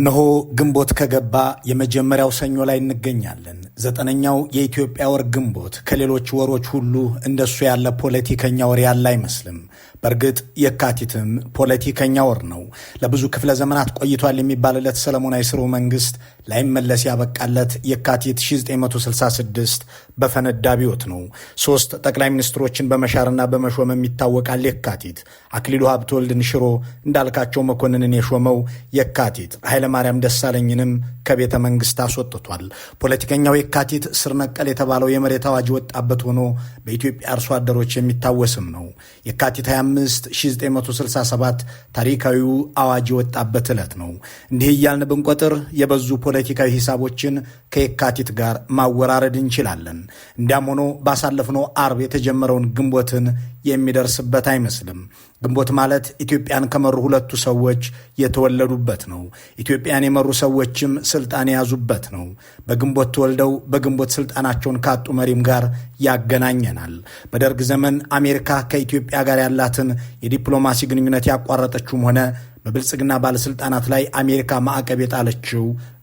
እነሆ ግንቦት ከገባ የመጀመሪያው ሰኞ ላይ እንገኛለን። ዘጠነኛው የኢትዮጵያ ወር ግንቦት ከሌሎች ወሮች ሁሉ እንደሱ ያለ ፖለቲከኛ ወር ያለ አይመስልም። በእርግጥ የካቲትም ፖለቲከኛ ወር ነው። ለብዙ ክፍለ ዘመናት ቆይቷል የሚባልለት ሰለሞናዊ ስርወ መንግስት ላይመለስ ያበቃለት የካቲት 1966 በፈነዳ አብዮት ነው። ሶስት ጠቅላይ ሚኒስትሮችን በመሻርና በመሾም የሚታወቃል የካቲት። አክሊሉ ሀብተወልድን ሽሮ እንዳልካቸው መኮንንን የሾመው የካቲት፣ ኃይለማርያም ደሳለኝንም ከቤተ መንግስት አስወጥቷል። ፖለቲከኛው የካቲት ስር ነቀል የተባለው የመሬት አዋጅ ወጣበት ሆኖ በኢትዮጵያ አርሶ አደሮች የሚታወስም ነው። የካቲት 5 1967 ታሪካዊው አዋጅ የወጣበት ዕለት ነው። እንዲህ እያልን ብንቆጥር የበዙ ፖለቲካዊ ሂሳቦችን ከየካቲት ጋር ማወራረድ እንችላለን። እንዲያም ሆኖ ባሳለፍነው አርብ የተጀመረውን ግንቦትን የሚደርስበት አይመስልም። ግንቦት ማለት ኢትዮጵያን ከመሩ ሁለቱ ሰዎች የተወለዱበት ነው። ኢትዮጵያን የመሩ ሰዎችም ስልጣን የያዙበት ነው። በግንቦት ተወልደው በግንቦት ስልጣናቸውን ካጡ መሪም ጋር ያገናኘናል። በደርግ ዘመን አሜሪካ ከኢትዮጵያ ጋር ያላትን የዲፕሎማሲ ግንኙነት ያቋረጠችውም ሆነ በብልጽግና ባለስልጣናት ላይ አሜሪካ ማዕቀብ የጣለችው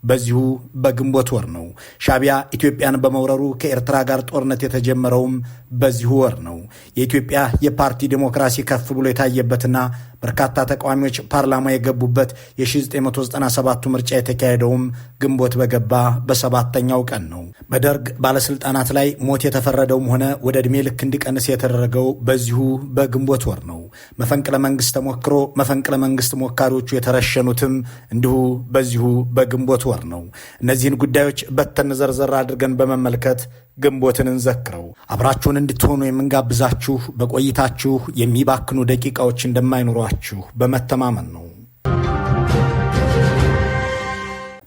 በዚሁ በግንቦት ወር ነው። ሻቢያ ኢትዮጵያን በመውረሩ ከኤርትራ ጋር ጦርነት የተጀመረውም በዚሁ ወር ነው። የኢትዮጵያ የፓርቲ ዲሞክራሲ ከፍ ብሎ የታየበትና በርካታ ተቃዋሚዎች ፓርላማ የገቡበት የ1997ቱ ምርጫ የተካሄደውም ግንቦት በገባ በሰባተኛው ቀን ነው። በደርግ ባለስልጣናት ላይ ሞት የተፈረደውም ሆነ ወደ ዕድሜ ልክ እንዲቀንስ የተደረገው በዚሁ በግንቦት ወር ነው። መፈንቅለ መንግስት ተሞክሮ መፈንቅለ መንግስት ሞካሪዎቹ የተረሸኑትም እንዲሁ በዚሁ በግንቦት ወር ነው። እነዚህን ጉዳዮች በተን ዘርዘር አድርገን በመመልከት ግንቦትን እንዘክረው። አብራችሁን እንድትሆኑ የምንጋብዛችሁ በቆይታችሁ የሚባክኑ ደቂቃዎች እንደማይኖሯችሁ በመተማመን ነው።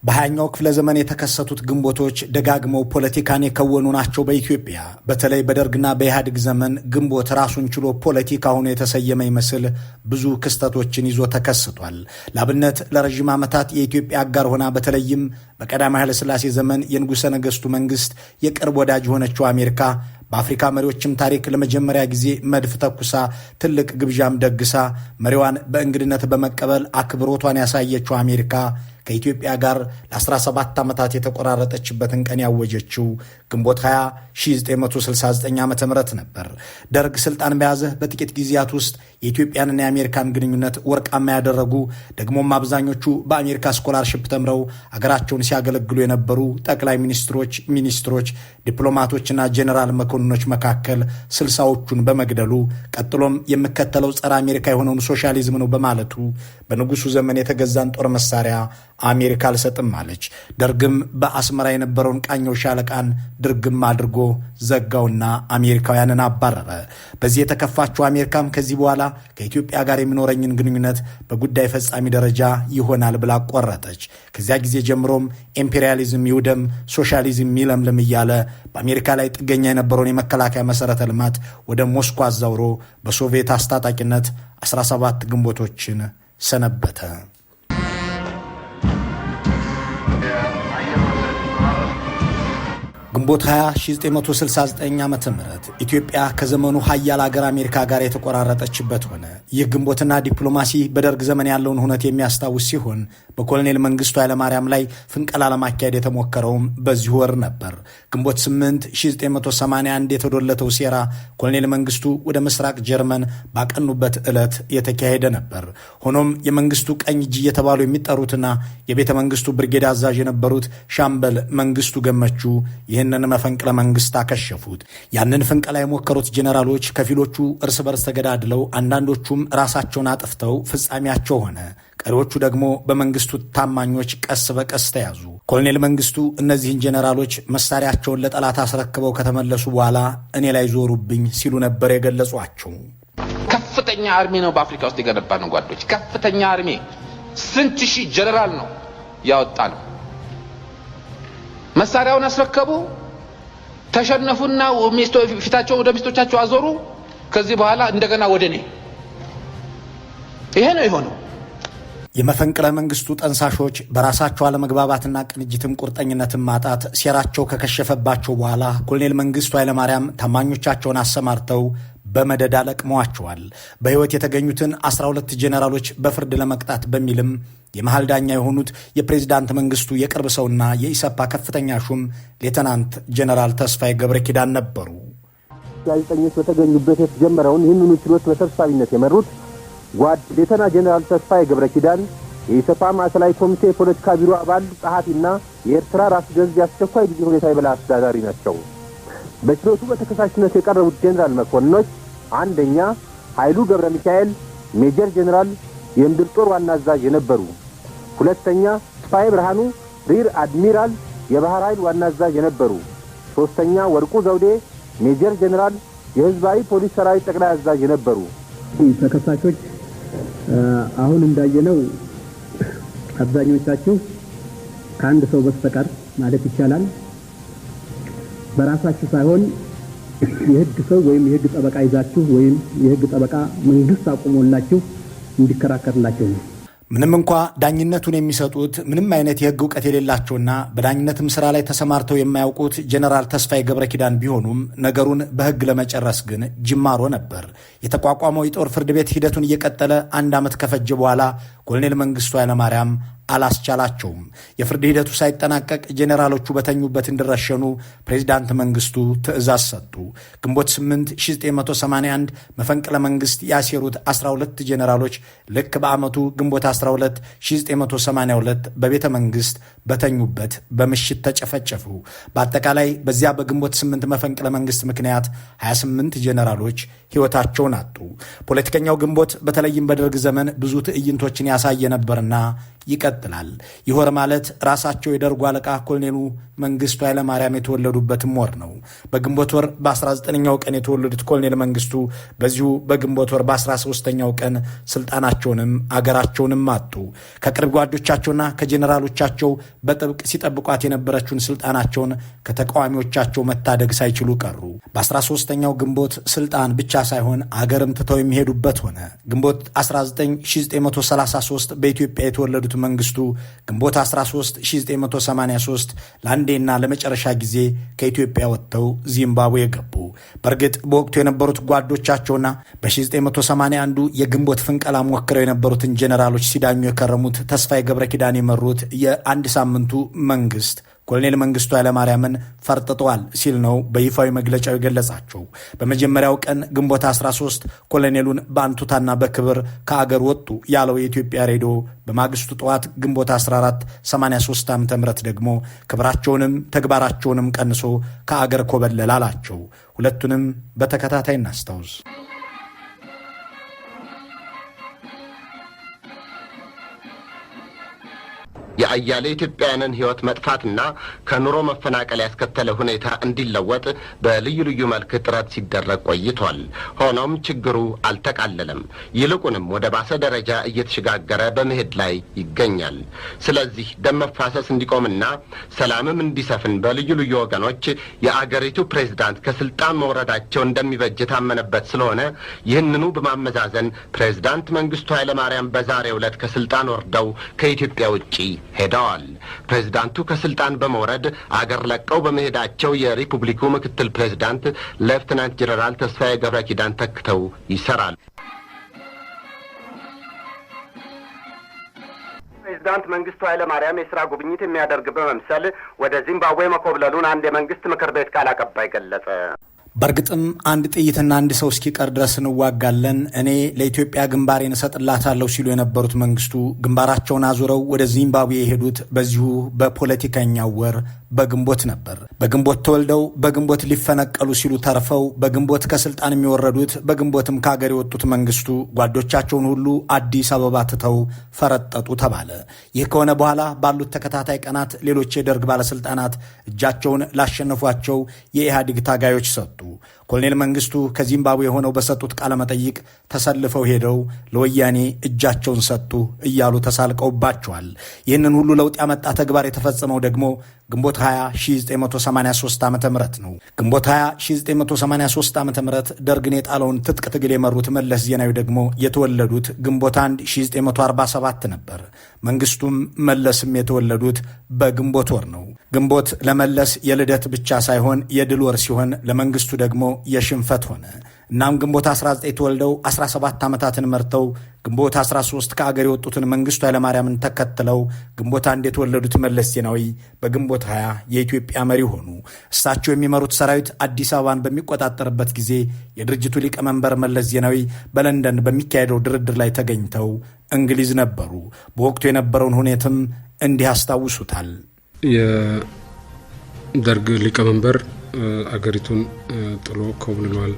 በሀያኛው ክፍለ ዘመን የተከሰቱት ግንቦቶች ደጋግመው ፖለቲካን የከወኑ ናቸው። በኢትዮጵያ በተለይ በደርግና በኢህአዴግ ዘመን ግንቦት ራሱን ችሎ ፖለቲካ ሆኖ የተሰየመ ይመስል ብዙ ክስተቶችን ይዞ ተከስቷል። ላብነት ለረዥም ዓመታት የኢትዮጵያ አጋር ሆና በተለይም በቀዳማዊ ኃይለሥላሴ ዘመን የንጉሠ ነገሥቱ መንግሥት የቅርብ ወዳጅ የሆነችው አሜሪካ በአፍሪካ መሪዎችም ታሪክ ለመጀመሪያ ጊዜ መድፍ ተኩሳ ትልቅ ግብዣም ደግሳ መሪዋን በእንግድነት በመቀበል አክብሮቷን ያሳየችው አሜሪካ ከኢትዮጵያ ጋር ለ17 ዓመታት የተቆራረጠችበትን ቀን ያወጀችው ግንቦት 20 1969 ዓ ም ነበር። ደርግ ስልጣን በያዘ በጥቂት ጊዜያት ውስጥ የኢትዮጵያንና የአሜሪካን ግንኙነት ወርቃማ ያደረጉ ደግሞም አብዛኞቹ በአሜሪካ ስኮላርሽፕ ተምረው አገራቸውን ሲያገለግሉ የነበሩ ጠቅላይ ሚኒስትሮች፣ ሚኒስትሮች፣ ዲፕሎማቶችና ጄኔራል መኮንኖች መካከል ስልሳዎቹን በመግደሉ ቀጥሎም የምከተለው ጸረ አሜሪካ የሆነውን ሶሻሊዝም ነው በማለቱ በንጉሱ ዘመን የተገዛን ጦር መሳሪያ አሜሪካ አልሰጥም አለች። ደርግም በአስመራ የነበረውን ቃኘው ሻለቃን ድርግም አድርጎ ዘጋውና አሜሪካውያንን አባረረ። በዚህ የተከፋችው አሜሪካም ከዚህ በኋላ ከኢትዮጵያ ጋር የሚኖረኝን ግንኙነት በጉዳይ ፈጻሚ ደረጃ ይሆናል ብላ ቆረጠች። ከዚያ ጊዜ ጀምሮም ኢምፔሪያሊዝም ይውደም፣ ሶሻሊዝም ይለምልም እያለ በአሜሪካ ላይ ጥገኛ የነበረውን የመከላከያ መሰረተ ልማት ወደ ሞስኮ አዛውሮ በሶቪየት አስታጣቂነት 17 ግንቦቶችን ሰነበተ። ግንቦት 20 1969 ዓ ም ኢትዮጵያ ከዘመኑ ሀያል አገር አሜሪካ ጋር የተቆራረጠችበት ሆነ። ይህ ግንቦትና ዲፕሎማሲ በደርግ ዘመን ያለውን ሁነት የሚያስታውስ ሲሆን በኮሎኔል መንግስቱ ኃይለማርያም ላይ ፍንቀላ ለማካሄድ የተሞከረውም በዚሁ ወር ነበር። ግንቦት 8 1981 የተዶለተው ሴራ ኮሎኔል መንግስቱ ወደ ምስራቅ ጀርመን ባቀኑበት ዕለት የተካሄደ ነበር። ሆኖም የመንግስቱ ቀኝ እጅ እየተባሉ የሚጠሩትና የቤተ መንግስቱ ብርጌድ አዛዥ የነበሩት ሻምበል መንግስቱ ገመቹ ይህን ያንን መፈንቅለ መንግስት አከሸፉት። ያንን ፍንቅላ የሞከሩት ጄኔራሎች ከፊሎቹ እርስ በርስ ተገዳድለው፣ አንዳንዶቹም ራሳቸውን አጥፍተው ፍጻሜያቸው ሆነ። ቀሪዎቹ ደግሞ በመንግስቱ ታማኞች ቀስ በቀስ ተያዙ። ኮሎኔል መንግስቱ እነዚህን ጄኔራሎች መሳሪያቸውን ለጠላት አስረክበው ከተመለሱ በኋላ እኔ ላይ ዞሩብኝ ሲሉ ነበር የገለጿቸው። ከፍተኛ አርሚ ነው በአፍሪካ ውስጥ የገነባ ነው ጓዶች፣ ከፍተኛ አርሚ ስንት ሺህ ጄኔራል ነው ያወጣ ነው መሳሪያውን አስረከቡ፣ ተሸነፉና ፊታቸው ወደ ሚስቶቻቸው አዞሩ። ከዚህ በኋላ እንደገና ወደ እኔ ይሄ ነው የሆነው። የመፈንቅለ መንግስቱ ጠንሳሾች በራሳቸው አለመግባባትና ቅንጅትም ቁርጠኝነትን ማጣት ሴራቸው ከከሸፈባቸው በኋላ ኮሎኔል መንግስቱ ኃይለማርያም ታማኞቻቸውን አሰማርተው በመደዳ ለቅመዋቸዋል። በሕይወት የተገኙትን 12 ጄኔራሎች በፍርድ ለመቅጣት በሚልም የመሀል ዳኛ የሆኑት የፕሬዚዳንት መንግስቱ የቅርብ ሰውና የኢሰፓ ከፍተኛ ሹም ሌተናንት ጄኔራል ተስፋዬ ገብረ ኪዳን ነበሩ። ጋዜጠኞች በተገኙበት የተጀመረውን ይህንኑ ችሎት በሰብሳቢነት የመሩት ጓድ ሌተና ጄኔራል ተስፋዬ ገብረ ኪዳን የኢሰፓ ማዕከላዊ ኮሚቴ የፖለቲካ ቢሮ አባል ጸሐፊና የኤርትራ ራስ ገዝ የአስቸኳይ ጊዜ ሁኔታ የበላይ አስተዳዳሪ ናቸው። በችሎቱ በተከሳሽነት የቀረቡት ጄኔራል መኮንኖች አንደኛ ኃይሉ ገብረ ሚካኤል ሜጀር ጄኔራል የምድር ጦር ዋና አዛዥ የነበሩ፣ ሁለተኛ ስፋይ ብርሃኑ ሪር አድሚራል የባህር ኃይል ዋና አዛዥ የነበሩ፣ ሶስተኛ ወርቁ ዘውዴ ሜጀር ጄኔራል የህዝባዊ ፖሊስ ሰራዊት ጠቅላይ አዛዥ የነበሩ። ተከሳሾች አሁን እንዳየነው አብዛኞቻችሁ ከአንድ ሰው በስተቀር ማለት ይቻላል በራሳችሁ ሳይሆን የህግ ሰው ወይም የህግ ጠበቃ ይዛችሁ ወይም የህግ ጠበቃ መንግስት አቁሞላችሁ እንዲከራከርላቸው ነው። ምንም እንኳ ዳኝነቱን የሚሰጡት ምንም አይነት የህግ እውቀት የሌላቸውና በዳኝነትም ስራ ላይ ተሰማርተው የማያውቁት ጀነራል ተስፋዬ ገብረ ኪዳን ቢሆኑም ነገሩን በህግ ለመጨረስ ግን ጅማሮ ነበር። የተቋቋመው የጦር ፍርድ ቤት ሂደቱን እየቀጠለ አንድ ዓመት ከፈጀ በኋላ ኮሎኔል መንግስቱ ኃይለማርያም አላስቻላቸውም። የፍርድ ሂደቱ ሳይጠናቀቅ ጄኔራሎቹ በተኙበት እንዲረሸኑ ፕሬዚዳንት መንግስቱ ትዕዛዝ ሰጡ። ግንቦት 8 1981 መፈንቅለ መንግስት ያሴሩት 12 ጄኔራሎች ልክ በዓመቱ ግንቦት 12 1982 በቤተ መንግስት በተኙበት በምሽት ተጨፈጨፉ። በአጠቃላይ በዚያ በግንቦት 8 መፈንቅለ መንግስት ምክንያት 28 ጄኔራሎች ሕይወታቸውን አጡ። ፖለቲከኛው ግንቦት በተለይም በደርግ ዘመን ብዙ ትዕይንቶችን ያሳየ ነበርና ይቀጥላል። ይህ ወር ማለት ራሳቸው የደርጉ አለቃ ኮሎኔሉ መንግስቱ ኃይለማርያም የተወለዱበትም ወር ነው። በግንቦት ወር በ19ኛው ቀን የተወለዱት ኮሎኔል መንግስቱ በዚሁ በግንቦት ወር በ13ኛው ቀን ስልጣናቸውንም አገራቸውንም አጡ። ከቅርብ ጓዶቻቸውና ከጄኔራሎቻቸው በጥብቅ ሲጠብቋት የነበረችውን ስልጣናቸውን ከተቃዋሚዎቻቸው መታደግ ሳይችሉ ቀሩ። በ13ኛው ግንቦት ስልጣን ብቻ ሳይሆን አገርም ትተው የሚሄዱበት ሆነ። ግንቦት 19 1933 በኢትዮጵያ የተወለዱት መንግስቱ ግንቦት 13 1983 ለአንዴና ለመጨረሻ ጊዜ ከኢትዮጵያ ወጥተው ዚምባብዌ ገቡ። በእርግጥ በወቅቱ የነበሩት ጓዶቻቸውና በ1981 የግንቦት ፍንቀላ ሞክረው የነበሩትን ጀነራሎች ሲዳኙ የከረሙት ተስፋዬ ገብረ ኪዳን የመሩት የአንድ ሳምንቱ መንግስት ኮሎኔል መንግስቱ ኃይለማርያምን ፈርጥጠዋል ሲል ነው በይፋዊ መግለጫው የገለጻቸው። በመጀመሪያው ቀን ግንቦት 13 ኮሎኔሉን በአንቱታና በክብር ከአገር ወጡ ያለው የኢትዮጵያ ሬዲዮ በማግስቱ ጠዋት ግንቦት 14 83 ዓ ም ደግሞ ክብራቸውንም ተግባራቸውንም ቀንሶ ከአገር ኮበለል አላቸው። ሁለቱንም በተከታታይ እናስታውስ። የአያሌ ኢትዮጵያውያንን ሕይወት መጥፋትና ከኑሮ መፈናቀል ያስከተለ ሁኔታ እንዲለወጥ በልዩ ልዩ መልክ ጥረት ሲደረግ ቆይቷል። ሆኖም ችግሩ አልተቃለለም። ይልቁንም ወደ ባሰ ደረጃ እየተሸጋገረ በመሄድ ላይ ይገኛል። ስለዚህ ደም መፋሰስ እንዲቆምና ሰላምም እንዲሰፍን በልዩ ልዩ ወገኖች የአገሪቱ ፕሬዝዳንት ከስልጣን መውረዳቸው እንደሚበጅ የታመነበት ስለሆነ ይህንኑ በማመዛዘን ፕሬዝዳንት መንግስቱ ኃይለማርያም በዛሬው ዕለት ከስልጣን ወርደው ከኢትዮጵያ ውጪ ሄደዋል። ፕሬዝዳንቱ ከስልጣን በመውረድ አገር ለቀው በመሄዳቸው የሪፑብሊኩ ምክትል ፕሬዝዳንት ሌፍትናንት ጀነራል ተስፋዬ ገብረ ኪዳን ተክተው ይሰራሉ። ፕሬዝዳንት መንግስቱ ኃይለ ማርያም የስራ ጉብኝት የሚያደርግ በመምሰል ወደ ዚምባብዌ መኮብለሉን አንድ የመንግስት ምክር ቤት ቃል አቀባይ ገለጸ። በእርግጥም አንድ ጥይትና አንድ ሰው እስኪቀር ድረስ እንዋጋለን፣ እኔ ለኢትዮጵያ ግንባሬን እሰጥላታለሁ ሲሉ የነበሩት መንግስቱ ግንባራቸውን አዙረው ወደ ዚምባብዌ የሄዱት በዚሁ በፖለቲከኛው ወር በግንቦት ነበር። በግንቦት ተወልደው በግንቦት ሊፈነቀሉ ሲሉ ተርፈው በግንቦት ከስልጣን የሚወረዱት በግንቦትም ከሀገር የወጡት መንግስቱ ጓዶቻቸውን ሁሉ አዲስ አበባ ትተው ፈረጠጡ ተባለ። ይህ ከሆነ በኋላ ባሉት ተከታታይ ቀናት ሌሎች የደርግ ባለስልጣናት እጃቸውን ላሸነፏቸው የኢህአዴግ ታጋዮች ሰጡ። vous ኮሎኔል መንግስቱ ከዚምባብዌ ሆነው በሰጡት ቃለመጠይቅ ተሰልፈው ሄደው ለወያኔ እጃቸውን ሰጡ እያሉ ተሳልቀውባቸዋል። ይህንን ሁሉ ለውጥ ያመጣ ተግባር የተፈጸመው ደግሞ ግንቦት 20 1983 ዓ ም ነው። ግንቦት 20 1983 ዓ ም ደርግን የጣለውን ትጥቅ ትግል የመሩት መለስ ዜናዊ ደግሞ የተወለዱት ግንቦት 1 1947 ነበር። መንግስቱም መለስም የተወለዱት በግንቦት ወር ነው። ግንቦት ለመለስ የልደት ብቻ ሳይሆን የድል ወር ሲሆን ለመንግስቱ ደግሞ የሽንፈት ሆነ። እናም ግንቦት 19 ተወልደው 17 ዓመታትን መርተው ግንቦት 13 ከአገር የወጡትን መንግስቱ ኃይለማርያምን ተከትለው ግንቦት አንድ የተወለዱት መለስ ዜናዊ በግንቦት 20 የኢትዮጵያ መሪ ሆኑ። እሳቸው የሚመሩት ሰራዊት አዲስ አበባን በሚቆጣጠርበት ጊዜ የድርጅቱ ሊቀመንበር መለስ ዜናዊ በለንደን በሚካሄደው ድርድር ላይ ተገኝተው እንግሊዝ ነበሩ። በወቅቱ የነበረውን ሁኔትም እንዲህ አስታውሱታል። የደርግ ሊቀመንበር አገሪቱን ጥሎ ኮብልሏል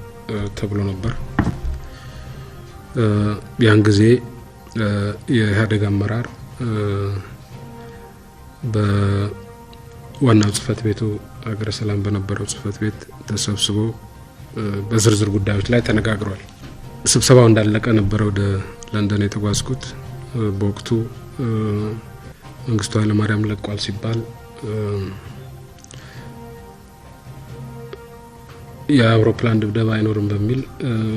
ተብሎ ነበር። ያን ጊዜ የኢህአዴግ አመራር በዋናው ጽህፈት ቤቱ ሀገረ ሰላም በነበረው ጽህፈት ቤት ተሰብስቦ በዝርዝር ጉዳዮች ላይ ተነጋግሯል። ስብሰባው እንዳለቀ ነበረ ወደ ለንደን የተጓዝኩት። በወቅቱ መንግስቱ ኃይለማርያም ለቋል ሲባል የአውሮፕላን ድብደባ አይኖርም በሚል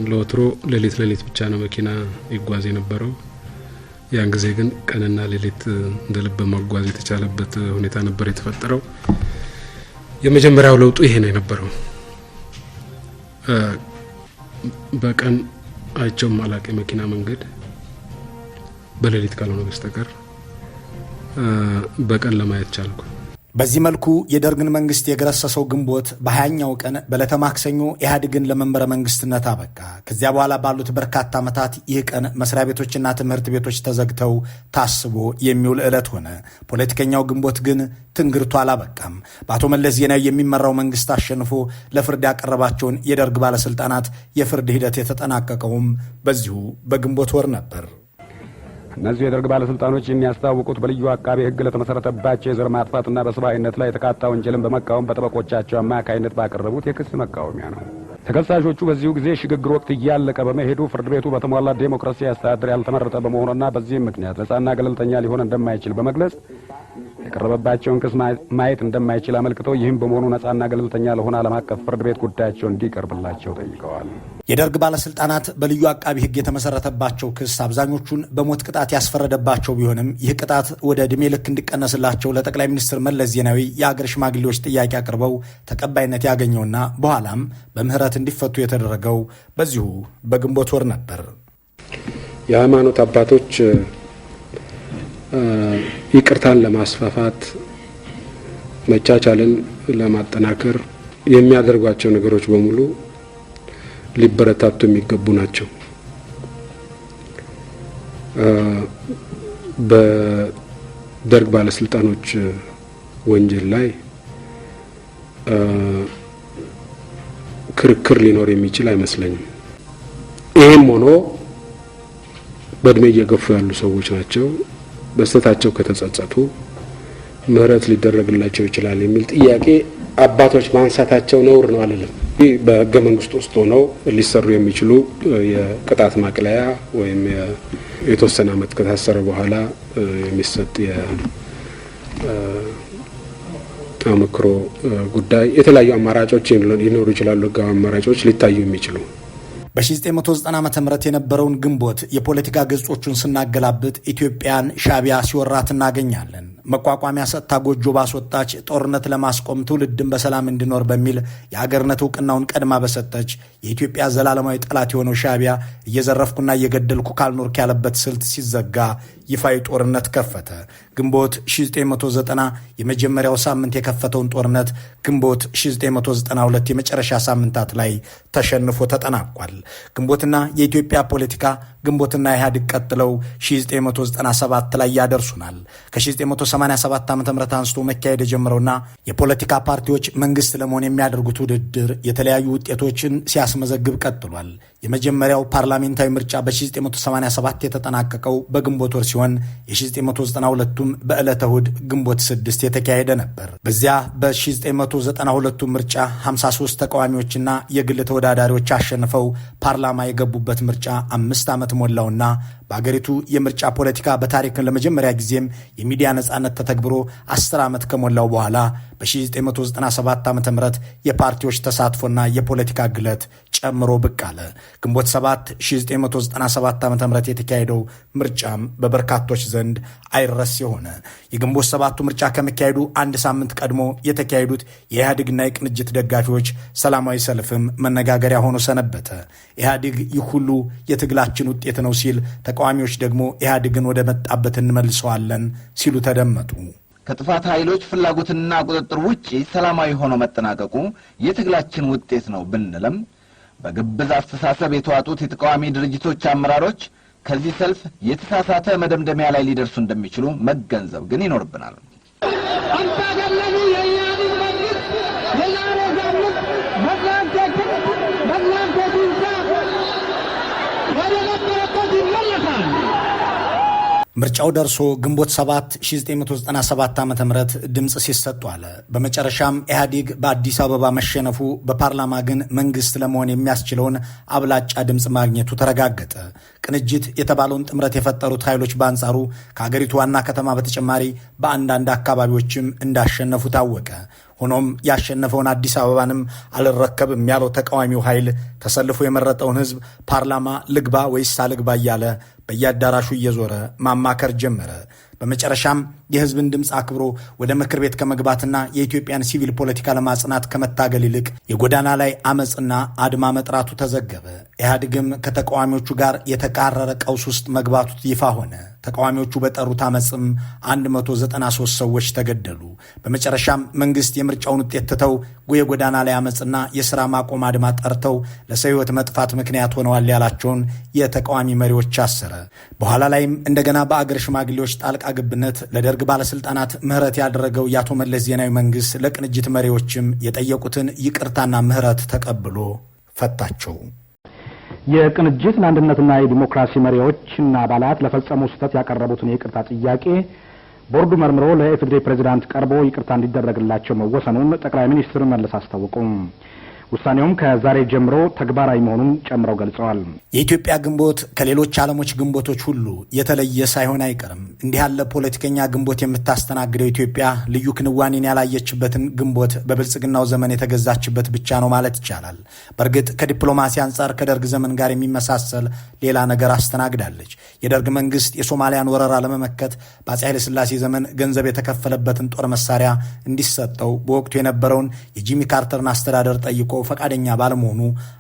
ለወትሮ ሌሊት ሌሊት ብቻ ነው መኪና ይጓዝ የነበረው። ያን ጊዜ ግን ቀንና ሌሊት እንደ ልብ መጓዝ የተቻለበት ሁኔታ ነበር የተፈጠረው። የመጀመሪያው ለውጡ ይሄ ነው የነበረው። በቀን አይቸውም አላቅ የመኪና መንገድ በሌሊት ካልሆነ በስተቀር በቀን ለማየት ቻልኩ። በዚህ መልኩ የደርግን መንግስት የገረሰሰው ግንቦት በሀያኛው ቀን በዕለተ ማክሰኞ ኢህአዴግን ለመንበረ መንግስትነት አበቃ። ከዚያ በኋላ ባሉት በርካታ ዓመታት ይህ ቀን መስሪያ ቤቶችና ትምህርት ቤቶች ተዘግተው ታስቦ የሚውል ዕለት ሆነ። ፖለቲከኛው ግንቦት ግን ትንግርቱ አላበቃም። በአቶ መለስ ዜናዊ የሚመራው መንግስት አሸንፎ ለፍርድ ያቀረባቸውን የደርግ ባለስልጣናት የፍርድ ሂደት የተጠናቀቀውም በዚሁ በግንቦት ወር ነበር። እነዚህ የደርግ ባለስልጣኖች የሚያስታውቁት በልዩ አቃቤ ሕግ ለተመሰረተባቸው የዘር ማጥፋትና በሰብአዊነት ላይ የተቃጣ ወንጀልን በመቃወም በጠበቆቻቸው አማካይነት ባቀረቡት የክስ መቃወሚያ ነው። ተከሳሾቹ በዚሁ ጊዜ ሽግግር ወቅት እያለቀ በመሄዱ ፍርድ ቤቱ በተሟላ ዴሞክራሲ አስተዳደር ያልተመረጠ በመሆኑና በዚህም ምክንያት ነጻና ገለልተኛ ሊሆን እንደማይችል በመግለጽ የቀረበባቸውን ክስ ማየት እንደማይችል አመልክተው ይህም በመሆኑ ነጻና ገለልተኛ ለሆነ ዓለም አቀፍ ፍርድ ቤት ጉዳያቸው እንዲቀርብላቸው ጠይቀዋል። የደርግ ባለስልጣናት በልዩ አቃቢ ሕግ የተመሰረተባቸው ክስ አብዛኞቹን በሞት ቅጣት ያስፈረደባቸው ቢሆንም ይህ ቅጣት ወደ ዕድሜ ልክ እንዲቀነስላቸው ለጠቅላይ ሚኒስትር መለስ ዜናዊ የአገር ሽማግሌዎች ጥያቄ አቅርበው ተቀባይነት ያገኘውና በኋላም በምህረት እንዲፈቱ የተደረገው በዚሁ በግንቦት ወር ነበር። የሃይማኖት አባቶች ይቅርታን ለማስፋፋት መቻቻልን ለማጠናከር የሚያደርጓቸው ነገሮች በሙሉ ሊበረታቱ የሚገቡ ናቸው። በደርግ ባለስልጣኖች ወንጀል ላይ ክርክር ሊኖር የሚችል አይመስለኝም። ይህም ሆኖ በእድሜ እየገፉ ያሉ ሰዎች ናቸው። በስተታቸው ከተጸጸቱ ምህረት ሊደረግላቸው ይችላል የሚል ጥያቄ አባቶች ማንሳታቸው ነውር ነው አልልም። በህገ መንግስት ውስጥ ሆነው ሊሰሩ የሚችሉ የቅጣት ማቅለያ ወይም የተወሰነ አመት ከታሰረ በኋላ የሚሰጥ የአመክሮ ጉዳይ የተለያዩ አማራጮች ሊኖሩ ይችላሉ። ህጋዊ አማራጮች ሊታዩ የሚችሉ በ1990 ዓ ም የነበረውን ግንቦት የፖለቲካ ገጾቹን ስናገላብጥ ኢትዮጵያን ሻቢያ ሲወራት እናገኛለን። መቋቋሚያ ሰጥታ ጎጆ ባስወጣች፣ ጦርነት ለማስቆም ትውልድን በሰላም እንዲኖር በሚል የአገርነት እውቅናውን ቀድማ በሰጠች የኢትዮጵያ ዘላለማዊ ጠላት የሆነው ሻቢያ እየዘረፍኩና እየገደልኩ ካልኖርክ ያለበት ስልት ሲዘጋ ይፋዊ ጦርነት ከፈተ። ግንቦት 1990 የመጀመሪያው ሳምንት የከፈተውን ጦርነት ግንቦት 1992 የመጨረሻ ሳምንታት ላይ ተሸንፎ ተጠናቋል። ግንቦትና የኢትዮጵያ ፖለቲካ ግንቦትና ኢህአዴግ ቀጥለው 1997 ላይ ያደርሱናል። ከ1987 ዓ ም አንስቶ መካሄድ የጀመረውና የፖለቲካ ፓርቲዎች መንግስት ለመሆን የሚያደርጉት ውድድር የተለያዩ ውጤቶችን ሲያስመዘግብ ቀጥሏል። የመጀመሪያው ፓርላሜንታዊ ምርጫ በ1987 የተጠናቀቀው በግንቦት ወር ሲሆን የ1992ቱም በዕለተ እሁድ ግንቦት 6 የተካሄደ ነበር። በዚያ በ1992ቱ ምርጫ 53 ተቃዋሚዎችና የግል ተወዳዳሪዎች አሸንፈው ፓርላማ የገቡበት ምርጫ አምስት ዓመት ሞላውና በአገሪቱ የምርጫ ፖለቲካ በታሪክ ለመጀመሪያ ጊዜም የሚዲያ ነፃነት ተተግብሮ 10 ዓመት ከሞላው በኋላ በ1997 ዓ ም የፓርቲዎች ተሳትፎና የፖለቲካ ግለት ጨምሮ ብቅ አለ። ግንቦት 7 1997 ዓ ም የተካሄደው ምርጫም በበርካቶች ዘንድ አይረስ የሆነ የግንቦት ሰባቱ ምርጫ ከመካሄዱ አንድ ሳምንት ቀድሞ የተካሄዱት የኢህአዴግና የቅንጅት ደጋፊዎች ሰላማዊ ሰልፍም መነጋገሪያ ሆኖ ሰነበተ። ኢህአዴግ ይህ ሁሉ የትግላችን ውጤት ነው ሲል፣ ተቃዋሚዎች ደግሞ ኢህአዴግን ወደ መጣበት እንመልሰዋለን ሲሉ ተደመጡ። ከጥፋት ኃይሎች ፍላጎትና ቁጥጥር ውጪ ሰላማዊ ሆኖ መጠናቀቁ የትግላችን ውጤት ነው ብንለም። በግብዝ አስተሳሰብ የተዋጡት የተቃዋሚ ድርጅቶች አመራሮች ከዚህ ሰልፍ የተሳሳተ መደምደሚያ ላይ ሊደርሱ እንደሚችሉ መገንዘብ ግን ይኖርብናል። ምርጫው ደርሶ ግንቦት 7 1997 ዓ ም ድምፅ ሲሰጡ አለ። በመጨረሻም ኢህአዲግ በአዲስ አበባ መሸነፉ፣ በፓርላማ ግን መንግስት ለመሆን የሚያስችለውን አብላጫ ድምፅ ማግኘቱ ተረጋገጠ። ቅንጅት የተባለውን ጥምረት የፈጠሩት ኃይሎች በአንጻሩ ከአገሪቱ ዋና ከተማ በተጨማሪ በአንዳንድ አካባቢዎችም እንዳሸነፉ ታወቀ። ሆኖም ያሸነፈውን አዲስ አበባንም አልረከብም ያለው ተቃዋሚው ኃይል ተሰልፎ የመረጠውን ህዝብ ፓርላማ ልግባ ወይስ አልግባ እያለ በየአዳራሹ እየዞረ ማማከር ጀመረ። በመጨረሻም የህዝብን ድምፅ አክብሮ ወደ ምክር ቤት ከመግባትና የኢትዮጵያን ሲቪል ፖለቲካ ለማጽናት ከመታገል ይልቅ የጎዳና ላይ አመፅና አድማ መጥራቱ ተዘገበ። ኢህአዴግም ከተቃዋሚዎቹ ጋር የተቃረረ ቀውስ ውስጥ መግባቱ ይፋ ሆነ። ተቃዋሚዎቹ በጠሩት አመፅም 193 ሰዎች ተገደሉ። በመጨረሻም መንግስት የምርጫውን ውጤት ትተው የጎዳና ላይ አመፅና የሥራ ማቆም አድማ ጠርተው ለሰው ህይወት መጥፋት ምክንያት ሆነዋል ያላቸውን የተቃዋሚ መሪዎች አሰረ። በኋላ ላይም እንደገና በአገር ሽማግሌዎች ጣልቃ ግብነት ለደርግ ባለስልጣናት ምህረት ያደረገው የአቶ መለስ ዜናዊ መንግስት ለቅንጅት መሪዎችም የጠየቁትን ይቅርታና ምህረት ተቀብሎ ፈታቸው። የቅንጅት ለአንድነትና የዲሞክራሲ መሪዎችና አባላት ለፈጸሙ ስህተት ያቀረቡትን የይቅርታ ጥያቄ ቦርዱ መርምሮ ለኢፌዴሪ ፕሬዚዳንት ቀርቦ ይቅርታ እንዲደረግላቸው መወሰኑን ጠቅላይ ሚኒስትር መለስ አስታወቁ። ውሳኔውም ከዛሬ ጀምሮ ተግባራዊ መሆኑን ጨምረው ገልጸዋል። የኢትዮጵያ ግንቦት ከሌሎች ዓለሞች ግንቦቶች ሁሉ የተለየ ሳይሆን አይቀርም። እንዲህ ያለ ፖለቲከኛ ግንቦት የምታስተናግደው ኢትዮጵያ ልዩ ክንዋኔን ያላየችበትን ግንቦት በብልጽግናው ዘመን የተገዛችበት ብቻ ነው ማለት ይቻላል። በእርግጥ ከዲፕሎማሲ አንጻር ከደርግ ዘመን ጋር የሚመሳሰል ሌላ ነገር አስተናግዳለች። የደርግ መንግስት የሶማሊያን ወረራ ለመመከት በአጼ ኃይለሥላሴ ዘመን ገንዘብ የተከፈለበትን ጦር መሳሪያ እንዲሰጠው በወቅቱ የነበረውን የጂሚ ካርተርን አስተዳደር ጠይቆ ተልኮ ፈቃደኛ ባለመሆኑ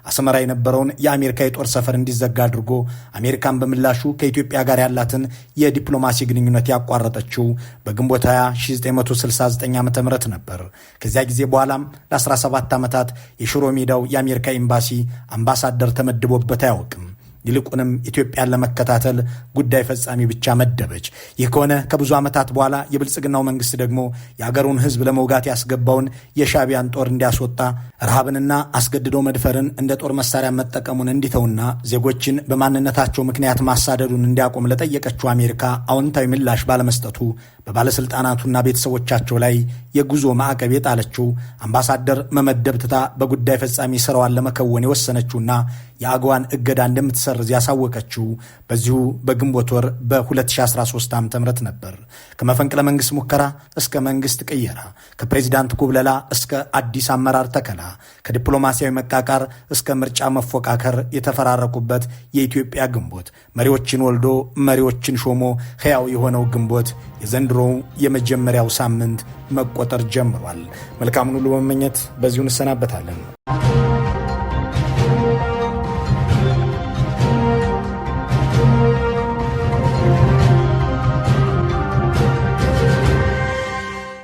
አስመራ የነበረውን የአሜሪካ የጦር ሰፈር እንዲዘጋ አድርጎ አሜሪካን በምላሹ ከኢትዮጵያ ጋር ያላትን የዲፕሎማሲ ግንኙነት ያቋረጠችው በግንቦት 20 1969 ዓ ም ነበር። ከዚያ ጊዜ በኋላም ለ17 ዓመታት የሽሮ ሜዳው የአሜሪካ ኤምባሲ አምባሳደር ተመድቦበት አያውቅም። ይልቁንም ኢትዮጵያን ለመከታተል ጉዳይ ፈጻሚ ብቻ መደበች። ይህ ከሆነ ከብዙ ዓመታት በኋላ የብልጽግናው መንግስት ደግሞ የአገሩን ህዝብ ለመውጋት ያስገባውን የሻቢያን ጦር እንዲያስወጣ ረሃብንና አስገድዶ መድፈርን እንደ ጦር መሳሪያ መጠቀሙን እንዲተውና ዜጎችን በማንነታቸው ምክንያት ማሳደዱን እንዲያቆም ለጠየቀችው አሜሪካ አዎንታዊ ምላሽ ባለመስጠቱ በባለስልጣናቱና ቤተሰቦቻቸው ላይ የጉዞ ማዕቀብ የጣለችው አምባሳደር መመደብ ትታ በጉዳይ ፈጻሚ ስራዋን ለመከወን የወሰነችውና የአግዋን እገዳ እንደምትሰርዝ ያሳወቀችው በዚሁ በግንቦት ወር በ2013 ዓ ም ነበር። ከመፈንቅለ መንግስት ሙከራ እስከ መንግስት ቅየራ፣ ከፕሬዚዳንት ኩብለላ እስከ አዲስ አመራር ተከላ፣ ከዲፕሎማሲያዊ መቃቃር እስከ ምርጫ መፎካከር የተፈራረቁበት የኢትዮጵያ ግንቦት መሪዎችን ወልዶ መሪዎችን ሾሞ ሕያው የሆነው ግንቦት የዘንድሮው የመጀመሪያው ሳምንት መቆጠር ጀምሯል። መልካምን ሁሉ በመመኘት በዚሁ እንሰናበታለን።